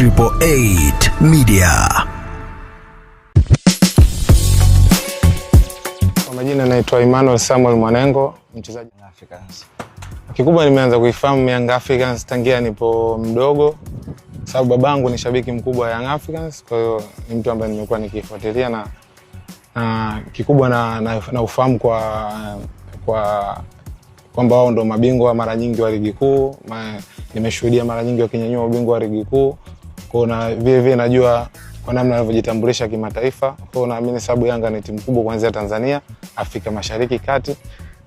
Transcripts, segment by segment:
Triple Eight Media. Kwa majina naitwa Emmanuel Samuel Mwanengo, mchezaji wa Africans. Kikubwa nimeanza kuifahamu Young Africans tangia nipo mdogo, sababu babangu ni shabiki mkubwa wa Young Africans, kwa hiyo ni mtu ambaye nimekuwa nikifuatilia na, na kikubwa na, na, na ufahamu kwa kwa kwamba wao ndo mabingwa mara nyingi wa ligi kuu. Nimeshuhudia mara nyingi wakinyanyua ubingwa wa ligi kuu, kuna vile najua kwa namna anavyojitambulisha kimataifa. kwao, naamini sababu Yanga ni timu kubwa kuanzia Tanzania, Afrika Mashariki, Kati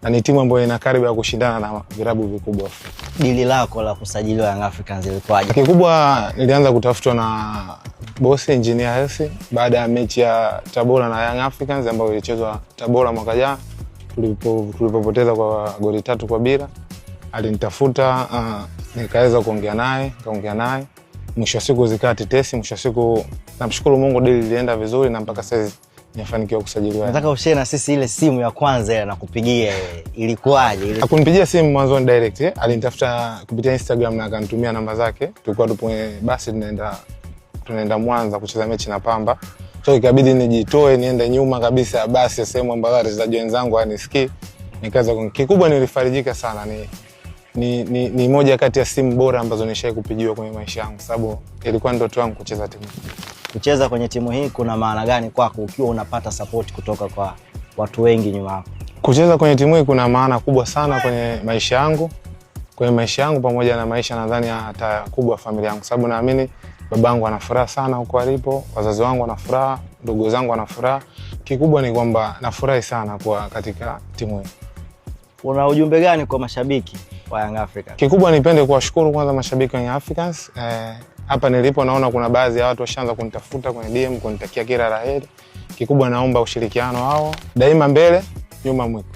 na ni timu ambayo ina karibu ya kushindana na virabu vikubwa. Dili lako la kusajiliwa Young Africans ilikuwaje? Kikubwa nilianza kutafutwa na bosi Engineer Hersi baada ya mechi ya Tabora na Young Africans ambayo ilichezwa Tabora mwaka jana tulipopoteza kwa goli tatu kwa bila. Alinitafuta uh, nikaweza kuongea naye, kaongea naye mwisho wa siku zikawa tetesi. Mwisho wa siku namshukuru Mungu, dili ilienda vizuri na mpaka saizi nafanikiwa kusajiliwa. Nataka ushare na sisi ile simu ya kwanza ile nakupigia ilikuwaje? Ili... akunipigia simu mwanzo ni direct, eh? Alinitafuta kupitia Instagram na akanitumia namba zake. Tulikuwa tupo basi tunaenda tunaenda Mwanza kucheza mechi na Pamba. So ikabidi nijitoe niende nyuma kabisa basi sehemu ambayo wachezaji wenzangu hanisikii. Nikaza kikubwa nilifarijika sana ni ni, ni, ni moja kati ya simu bora ambazo nishai kupigiwa kwenye maisha yangu, sababu ilikuwa ndoto yangu kucheza timu. Kucheza kwenye timu hii kuna maana gani kwako, ukiwa unapata support kutoka kwa watu wengi nyuma yako? Kucheza kwenye timu hii kuna maana kubwa sana kwenye maisha yangu, kwenye maisha yangu pamoja na maisha nadhani hata kubwa familia yangu, sababu naamini babangu ana furaha sana huko alipo, wazazi wangu wana furaha, ndugu zangu wana furaha. Kikubwa ni kwamba nafurahi sana kuwa katika timu hii. Una ujumbe gani kwa mashabiki wa Young Africans. Kikubwa nipende kuwashukuru kwanza mashabiki wa Young Africans eh, hapa nilipo naona kuna baadhi ya watu washaanza kunitafuta kwenye DM kunitakia kila la heri. Kikubwa naomba ushirikiano wao daima, mbele nyuma mwiko.